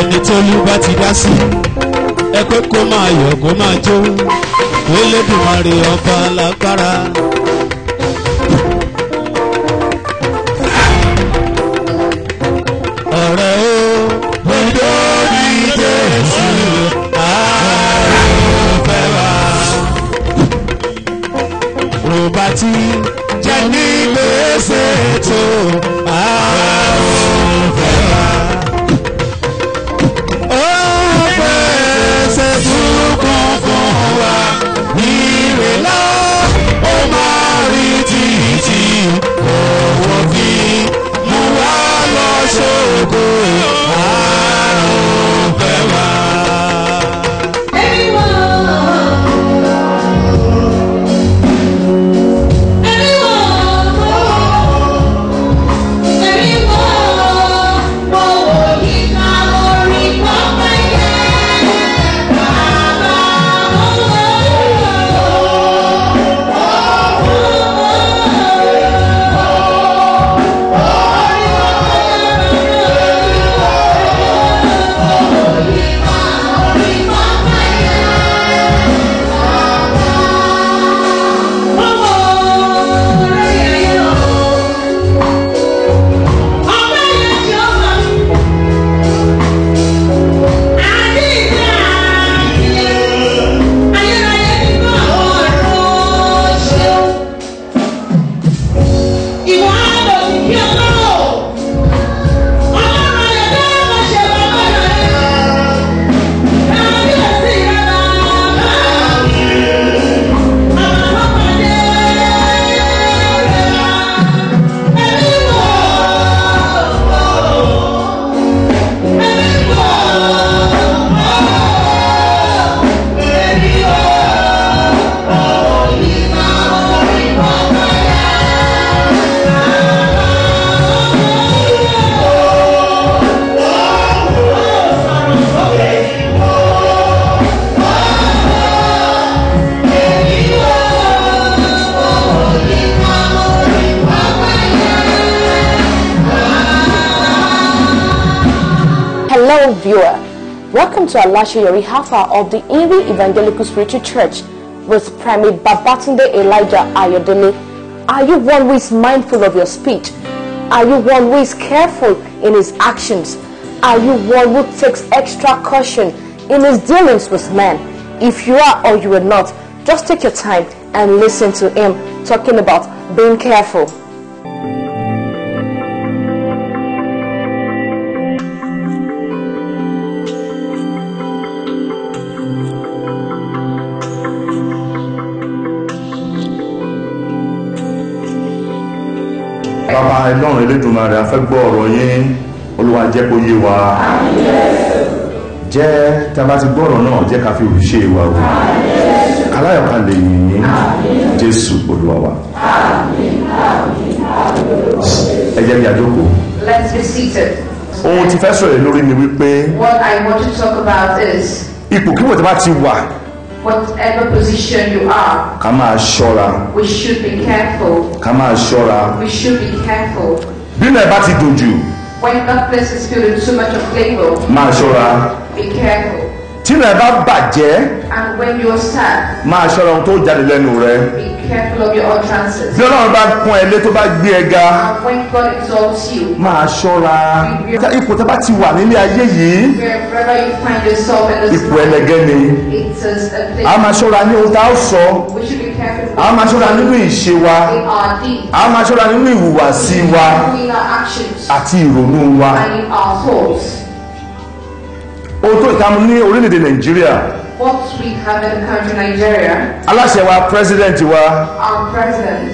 ẹni tólú bá ti dá sí ẹ pé kó máa yọ̀ kó máa jó Elédùmarè ọba lágbára. tí jẹ́ ní gbèsè tó. You. viewer. Welcome to Alasha Yori Hafa of the Iri Evangelical Spiritual Church with Primate Babatunde Elijah Ayodele. Are you one who is mindful of your speech? Are you one who is careful in his actions? Are you one who takes extra caution in his dealings with men? If you are or you are not, just take your time and listen to him talking about being careful. ọlọ́run Elédùmarè a fẹ́ gbọ́ ọ̀rọ̀ yín olúwa jẹ́ kó yé wa jẹ́ tá ti gbọ́ ọ̀rọ̀ náà jẹ́ ká fi òṣè wa wò aláyọ̀ká lè yìn jésù olúwa wa ẹ jẹ́ kí a jókòó. let's be seated. ohun tí fẹ́ sọ̀rọ̀ lórí ni wípé. what I want to talk about is. ipò kí wọ́n ti bá ti wà whatever position you are. ká máa we should be careful. ká máa we should be careful. bí bá ti dùn when that place is filled with too much of flavour. máa ṣọ́ra. be careful. tí bá bàjẹ́. and when you are sad. máa ṣọ́ra ohun tó jáde lẹ́nu rẹ. be bí ọlọ́run bá pọ́n ẹ lé tó bá gbé ẹ ga máa ṣọ́ra ipò tó bá ti wà nílé ayé yìí ipò ẹlẹgẹ́ ni a máa ṣọ́ra ní ohun tá a sọ a máa ṣọ́ra nínú ìṣe wa a máa ṣọ́ra nínú ìhùwàsí wa àti ìrònú wa ohun tó ìtamu ní orílẹ̀-èdè Nàìjíríà what we have in the country Nigeria. aláṣẹ wa president wa. our president.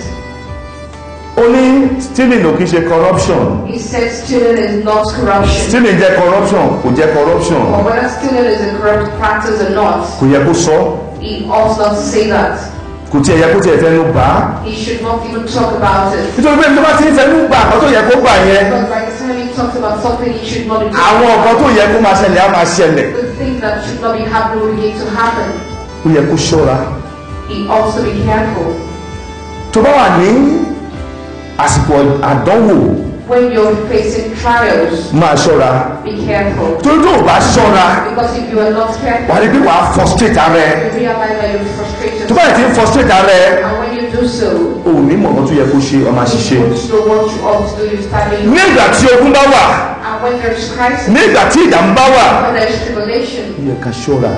ó ní stealing ò kí ṣe corruption. he said stealing is not corruption. stealing jẹ́ corruption kò jẹ́ corruption. but whether stealing is a corrupt practice or not. kò yẹ kó sọ. he ought not to say that. kò tiẹ̀ yẹ kó tiẹ̀ fẹ́ ló bá. he should not even talk about it. nítorí pé nígbà tí ń fẹ́ ló gbà kan tó yẹ kó gbà yẹn. because by the time he talks about something he should not be talking about. àwọn nǹkan tó yẹ kó máa ṣẹlẹ̀ á máa ṣẹlẹ̀ things that should not be happening will begin to happen. ó yẹ kó ṣọ́ra. he also be careful. tó bá wà ní àsìkò àdánwò. when you're facing trials. máa ṣọ́ra. be careful. torí tó o bá ṣọ́ra. because if you are not careful. wàá rí bí wàá frustrate ara ẹ. you realize that you're frustrated. tó bá yẹ ti frustrate ara ẹ. and when you do so. o ò ní mọ̀nà tó yẹ kó ṣe ọmọ àṣìṣe. you don't know what you ought to do you start doing. nígbà tí ogun bá wà nígbà tí ìdààmú bá wà yẹ ká ṣọ́ra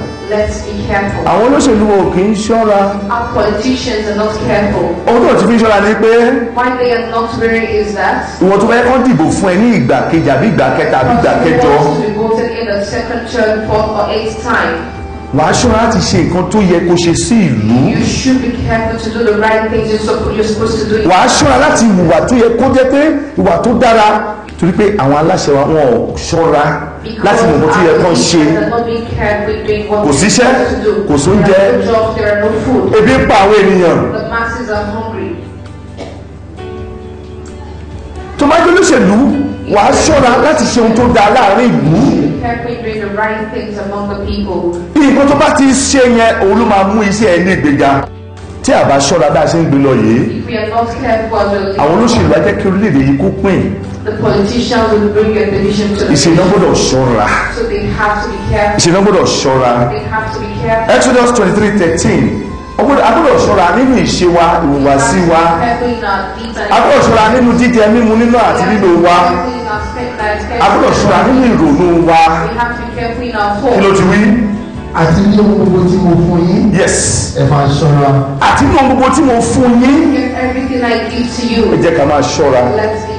àwọn olóṣèlú wo kì í ṣọ́ra ohun tó ti fi ṣọ́ra ni pé ìwọ tó fẹ́ kán dìbò fún ẹ ní ìgbà kejì àbí ìgbà kẹta àbí ìgbà kẹjọ wàá ṣọ́ra láti ṣe nǹkan tó yẹ kó ṣe sí ìlú. you should be careful to do the right things you're supposed to do. wàá ṣọ́ra láti hùwà tó yẹ kó jẹ́ pé ìwà tó dára torí pé àwọn aláṣẹ wa wọn ò ṣọ́ra láti mọ̀ mọ́ tí yẹ kán ṣe kò síṣẹ́ kò sóúnjẹ ebi ń pa àwọn ènìyàn tó máa jẹ́ olóṣèlú wà á ṣọ́ra láti ṣe ohun tó dáa láàrin ìlú nǹkan tó bá ti ṣe yẹn òun ló máa mú iṣẹ́ ẹni ìgbéga tí a bá ṣọ́ra bá a ṣe ń gbé lọ yìí àwọn olóṣèlú wa jẹ́ kí orílẹ̀-èdè yìí kó pín a So they have to ìṣèyàn gbọ́dọ̀ ṣọ́ra ìṣèyàn gbọ́dọ̀ ṣọ́ra Exodus twenty three thirteen agbọ́dọ̀ ṣọ́ra nínú ìṣe wa ìhùwàsí wa agbọ́dọ̀ ṣọ́ra nínú jíjẹ mímu nínú àti lílo wa agbọ́dọ̀ ṣọ́ra nínú ìrònú wa kí ló ti wí àti ní ohun gbogbo tí mo fún yín. yes. ẹ máa ṣọ́ra. àti ní ohun gbogbo tí mo fún yín. everything I give to you. ẹ jẹ́ ká máa ṣọ́ra. let's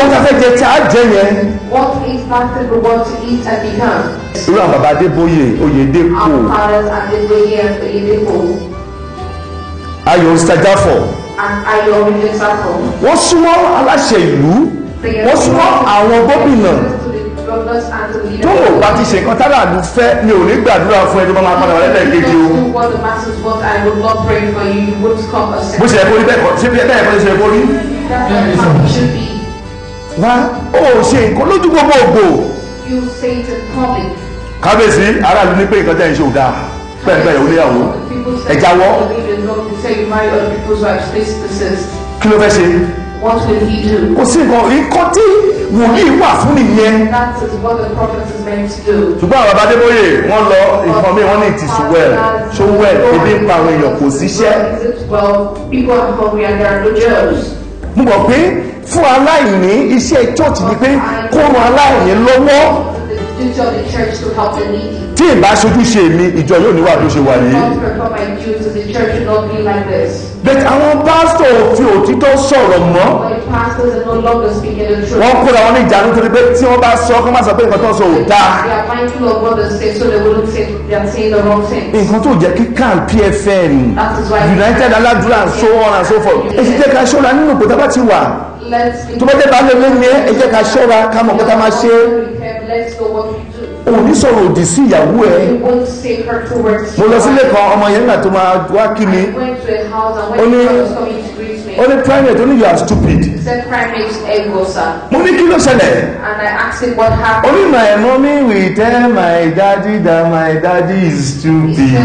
What is a fẹ́ jẹ tí a jẹ yẹn. what is practical what to eat and become. irú àwọn bàbá Adébóyè Oyèdèpò. our fathers Adébóyè Oyèdèpò. Ayọ̀ Nsajafọ. and Ayọ̀ Nsajafọ. wọ́n súnmọ́ aláṣẹ ìlú wọ́n súnmọ́ àwọn gómìnà tó o bá ti ṣe nǹkan tára àlù fẹ́ mi ò ní gbàdúrà fún ẹjọ́ máa padà wà lẹ́lẹ́ kejì o. bó ṣe ẹ̀kọ́ rí bẹ́ẹ̀ kọ́ ṣé bẹ́ẹ̀ kọ́ ṣe ẹ̀kọ́ rí wá ó ṣe nǹkan lójú gbogbo ògbò. you say to the public. kábíyèsí aráàlú ní pé nǹkan tẹ́ ẹ̀ ń ṣe ò dáa bẹ́ẹ̀ bẹ́ẹ̀ oníyàwó ẹ jáwọ́. kí ló fẹ́ ṣe. What will he do? Kò sí nǹkan nǹkan tí wòlíì wà fún nìyẹn. That is what the prophet is meant to do. Ṣùgbọ́n àwọn bàbá Adébóyè wọ́n lọ nǹkan mi wọ́n ní it is well so well ebi ń pa àwọn èèyàn kò síṣẹ́. Well, people are hungry and they are no jobs. Mo mọ̀ pé fún aláìní iṣẹ́ church ni pé kó ran aláìní lọ́wọ́ tí ìbáṣojú ṣe mi ìjọ yóò níwà tó ṣe wà yìí. but àwọn pásítọ̀ fi òtítọ́ sọ̀rọ̀ mọ́. wọ́n kóra wọn ní ìjà nítorí pé tí wọ́n bá sọ kó má sọ pé nǹkan tó sọ ò dáa. nǹkan tó jẹ́ kí kan PFN United Aládùúrà and so on and so forth. èsì jẹ́ ká ṣọ́ra nínú pòtápá ti wà tó bá dẹ́gbàá lè lóyún ẹ ẹ jẹ́ ká ṣọ́ra ká mọ̀ kọ́ta máa ṣe o ní sọ̀rọ̀ òdì sí ìyàwó ẹ mo lọ sílé kan ọmọ yẹn nígbà tó máa wá kí mi ó ní ó ní primate ó ní you are stupid mo ní kí ló ṣẹlẹ̀ ó ní my mommy will tell my daddy that my daddy is stupid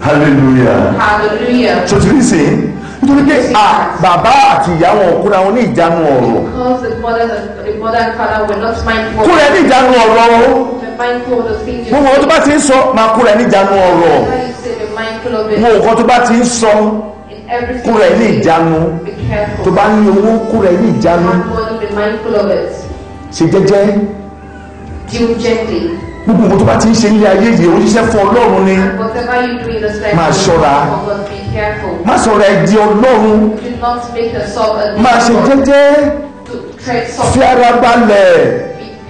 hallelujah so ti rí sìn nítorí pé à bàbá àti ìyá wọn kúra wọn ní ìjánu ọ̀rọ̀ kúra ní ìjánu ọ̀rọ̀ gbogbo ọ̀rọ̀ tó bá ti ń sọ máa kúra ní ìjánu ọ̀rọ̀ gbogbo ọ̀kan tó bá ti ń sọ kúra ní ìjánu tó bá ní owó kúra ní ìjánu ṣe jẹ́jẹ́ gbogbo nǹkan tó bá ti ń ṣe ilé ayé yìí ó ṣiṣẹ́ fún Ọlọ́run ni máa ṣọ́ra má sọ̀rọ̀ ẹ̀ di ọlọ́run má ṣe jẹ́jẹ́ fi ara balẹ̀.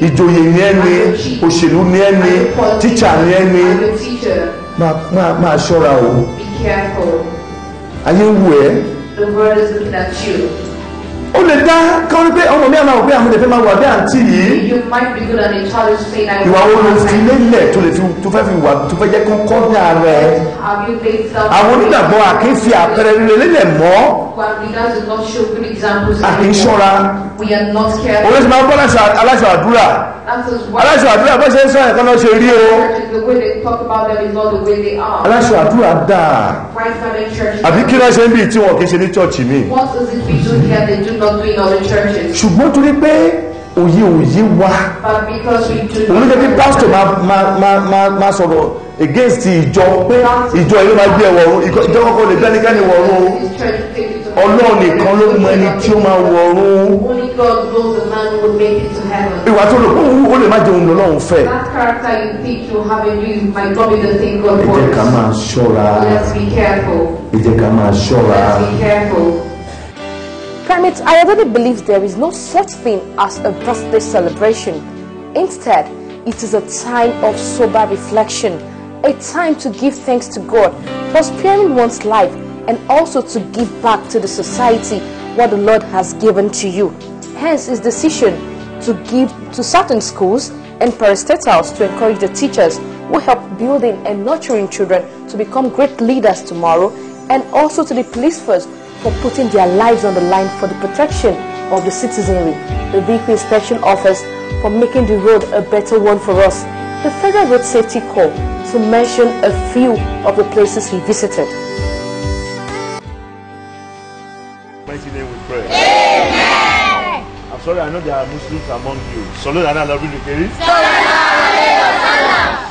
ìjòyè ni ẹ ni òṣèlú ni ẹ ni tíṣà ni ẹ ni máa ṣọ́ra o ayé ń wù ẹ́ ó lè dá kọ́ wípé ọmọ mi àmà òpé àwọn ìdẹ̀fẹ́ máa wà bí àǹtí yìí ìwà wo ló fi lélẹ̀ tó lè fi tó fẹ́ fi wà tó fẹ́ jẹ́ kán kọ́ ní ara ẹ̀ àwọn onígbàgbọ́ àkínfi àpẹẹrẹ líle lélẹ̀ mọ́ àkínṣọ́ra we are not careful. òun sì máa ń bọ́ aláṣọ àdúrà aláṣọ àdúrà bó ṣe ń sọ ẹ̀kọ́ náà ṣe rí o. aláṣọ àdúrà dáa àbí kí náà ṣe ń bí tí wọn kì í ṣe ní chọ́ọ̀chì mi. ṣùgbọ́n torí pé òye òye wa òun jẹ́ kí pásítọ̀ máa sọ̀rọ̀ against ìjọ pé ìjọ ilé máa gbé ẹ̀wọ̀ ìjọ kọ́kọ́ lè gbẹ́nikẹ́ni wọ̀ ọ̀run ọlọ́run nìkan ló mọ ẹni tí ó máa wọ ọ̀run. ìwà tó lò ó lè má jẹun lọ́lọ́run fẹ́. ẹ jẹ́ ká máa ṣọ́ra. ẹ jẹ́ ká máa ṣọ́ra. I Ayodele believe there is no such thing as a birthday celebration. Instead, it is a time of sober reflection, a time to give thanks to God for sparing one's life and also to give back to the society what the Lord has given to you. Hence his decision to give to certain schools and parastatals to encourage the teachers who help building and nurturing children to become great leaders tomorrow and also to the police force for putting their lives on the line for the protection of the citizenry, the Vehicle Inspection Office for making the road a better one for us, the Federal Road Safety Corps to mention a few of the places he visited. Sorry, I know there are Muslims among you. Salud and Salud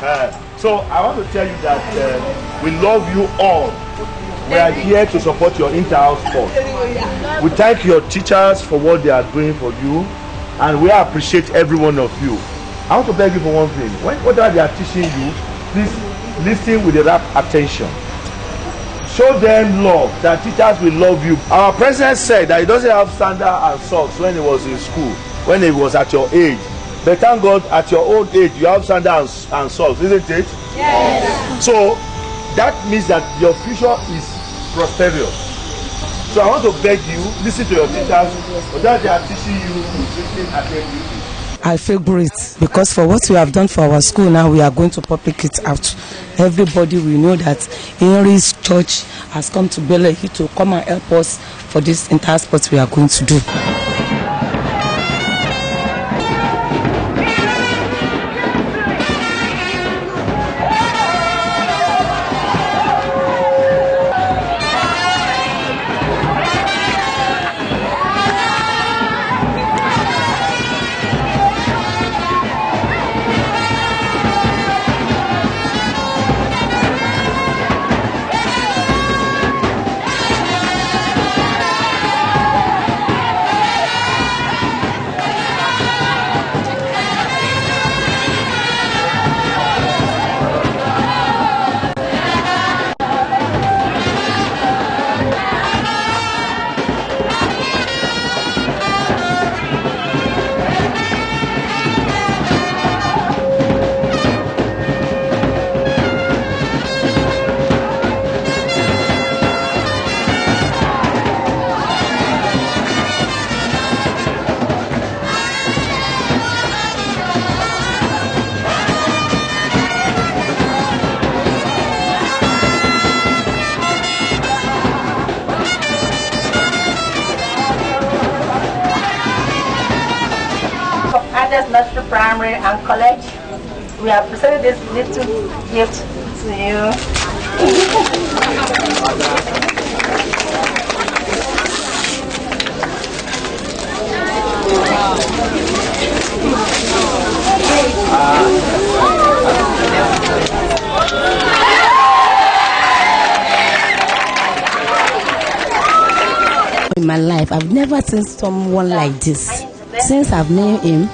and So I want to tell you that uh, we love you all. We are here to support your inter-house sport. We thank your teachers for what they are doing for you, and we appreciate every one of you. I want to beg you for one thing. whatever they are teaching you, please listen with the rapt attention. Show them love that teachers will love you. Our president said that he doesn't have sandal and socks when he was in school, when he was at your age. But thank God at your old age you have sandal and, and socks, isn't it? Yes. So that means that your future is prosperous. So I want to beg you, listen to your teachers, whether they are teaching you, teaching, attending, I feel great because for what we have done for our school now, we are going to public it out. Everybody will know that Henry's Church has come to Bele to come and help us for this entire sport we are going to do. Brothers Nursery Primary and College. We have presented this little gift to you. In my life, I've never seen someone like this. Since I've known him,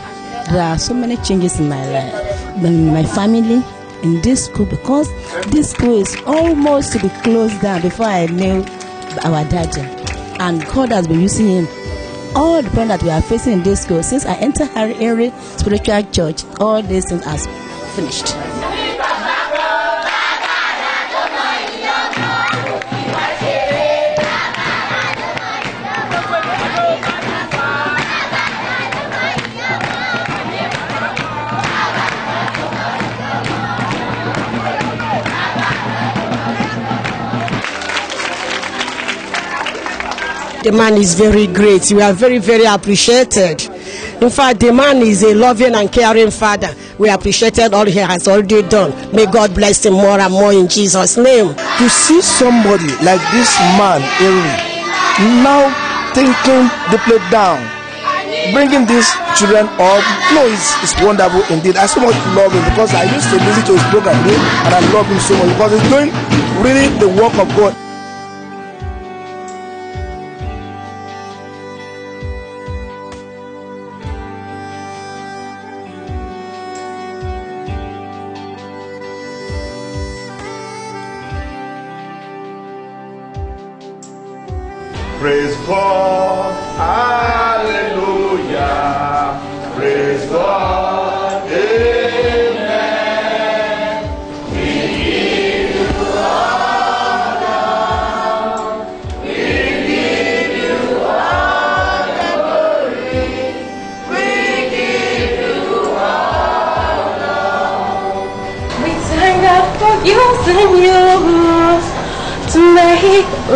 there are so many changes in my life, in my family, in this school, because this school is almost to be closed down before I knew our daddy. And God has been using him. All the problems that we are facing in this school, since I entered Harry Henry Spiritual Church, all these things are finished. The man is very great. We are very, very appreciated. In fact, the man is a loving and caring father. We appreciated all he has already done. May God bless him more and more in Jesus' name. To see somebody like this man, Eric, now thinking the plate down bringing these children up no it's, it's wonderful indeed i so much love him because i used to listen to his program and i love him so much because he's doing really the work of god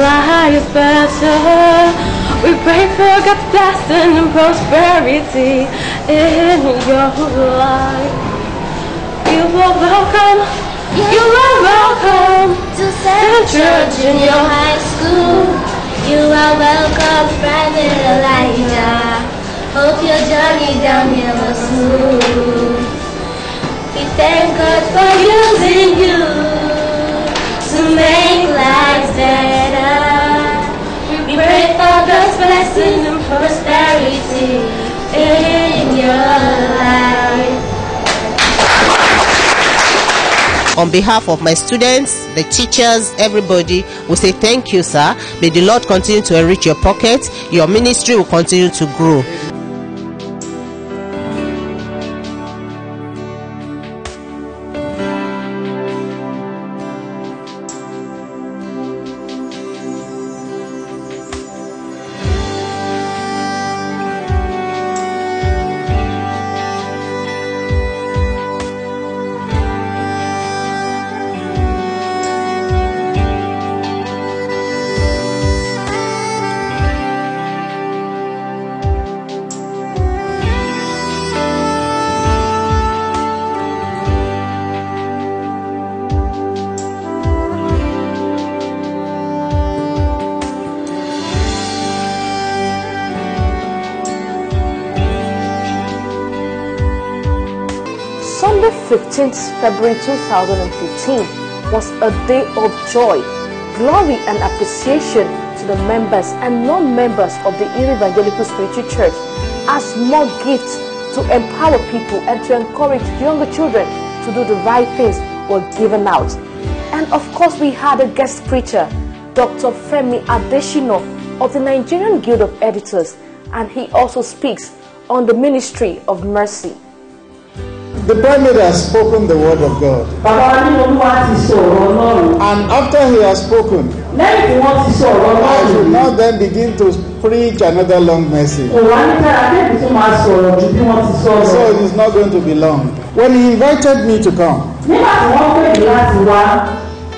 our highest better. We pray for God's blessing and prosperity in your life. You are welcome. You are welcome to Central Church Junior High School. You are welcome, friend Elijah. Hope your journey down here was smooth. We thank God for using you to make lives better. on behalf of my students, the teachers, everybody, we say thank you, sir. May the Lord continue to enrich your pockets. Your ministry will continue to grow. 14th February 2015 was a day of joy, glory and appreciation to the members and non-members of the Evangelical Spiritual Church as more gifts to empower people and to encourage younger children to do the right things were given out. And of course, we had a guest preacher, Dr. Femi Adeshino of the Nigerian Guild of Editors, and he also speaks on the ministry of mercy. The primate has spoken the word of God. And after he has spoken. I should now then begin to preach another long message. So it is not going to be long. When he invited me to come.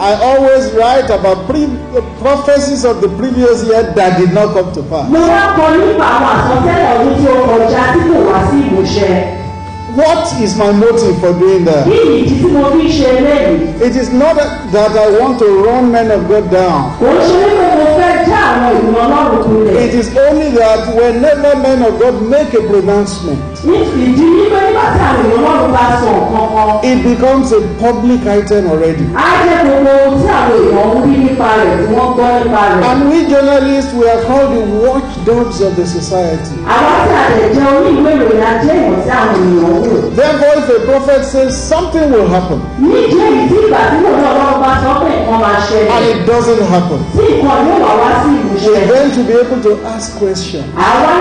I always write about pre prophecies of the previous year that did not come to pass. Mo wá kọ nípa àwọn àsọtẹ́lẹ̀ ọdún tí ó kọjá tí kò wá sí ìmúṣẹ. What is my motive for doing that? Kí ni ìdí tí mo fi ṣe eléyìí? It is not that I want to run men of God down. Kò ṣe wípé mo fẹ́ já àwọn ìmọ̀ ọlọ́run tó lẹ̀. it is only that when whenever men of God make a pronouncement. ìdí nígbà nígbà tí àwọn ìmọ̀ ọlọ́run bá sọ nǹkan kan. it becomes a public item already. á jẹ́ gbogbo tí àwọn èèyàn ń rí nípa rẹ̀ tí wọ́n gbọ́ nípa rẹ̀. and we journalists we are called the watchdogs of the society. àwọn tí a lè jẹ orí ìwé ìròyìn ajé ìmọ̀ àwọn èèyàn wò. therefore if a prophet says something will happen. ní ìdí ìgbà tí mo lọ́ọ́ bá sọ pé nǹkan máa ṣẹlẹ̀. and it doesn't happen. tí nǹkan yóò wá wá sí For them to be able to ask questions. Why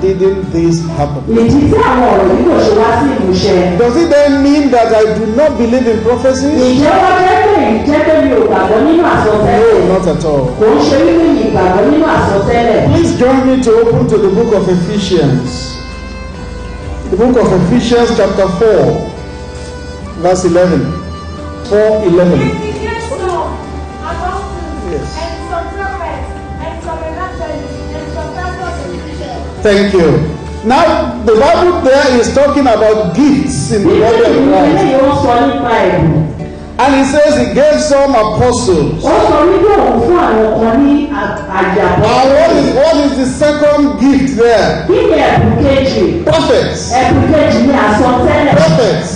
didn't this happen? Does it then mean that I do not believe in prophecies? No, not at all. Please join me to open to the book of Ephesians. The book of Ephesians, chapter four, verse eleven. Four eleven. Yes. Thank you. Now the Bible there is talking about gifts in the body of Christ. And he says he gave some apostles. Ó what is what is the second gift there? Prophets. Prophets.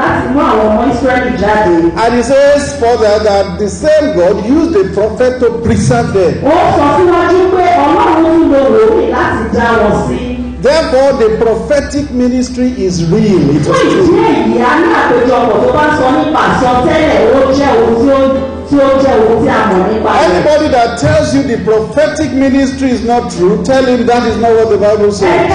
láti mú àwọn ọmọ Israẹli jáde. And he says further that the same God used the prophet to preserve them. Ó sọ síwájú pé Ọlọ́run ń lo wòlíì láti dá wọn sí. Therefore, the prophetic ministry is real. Fún ìdí èyí, a ní àpéjọpọ̀ tó bá sọ nípa àsọtẹ́lẹ̀ ó jẹ́ ohun tí ó Anybody that tells you the prophetic ministry is not true, tell him that is not what the Bible says.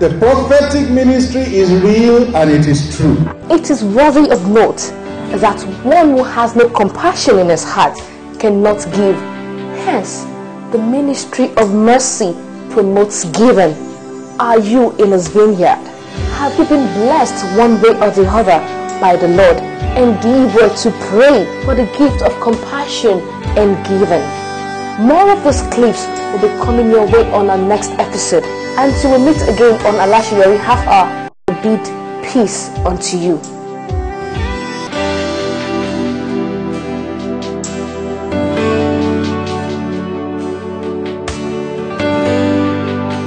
The prophetic ministry is real and it is true. It is worthy of note that one who has no compassion in his heart cannot give. Hence, the ministry of mercy promotes giving. Are you in his vineyard? have you been blessed one way or the other by the Lord? Endeavor to pray for the gift of compassion and giving. More of those clips will be coming your way on our next episode. And so we will meet again on We Half Hour. Bid peace unto you.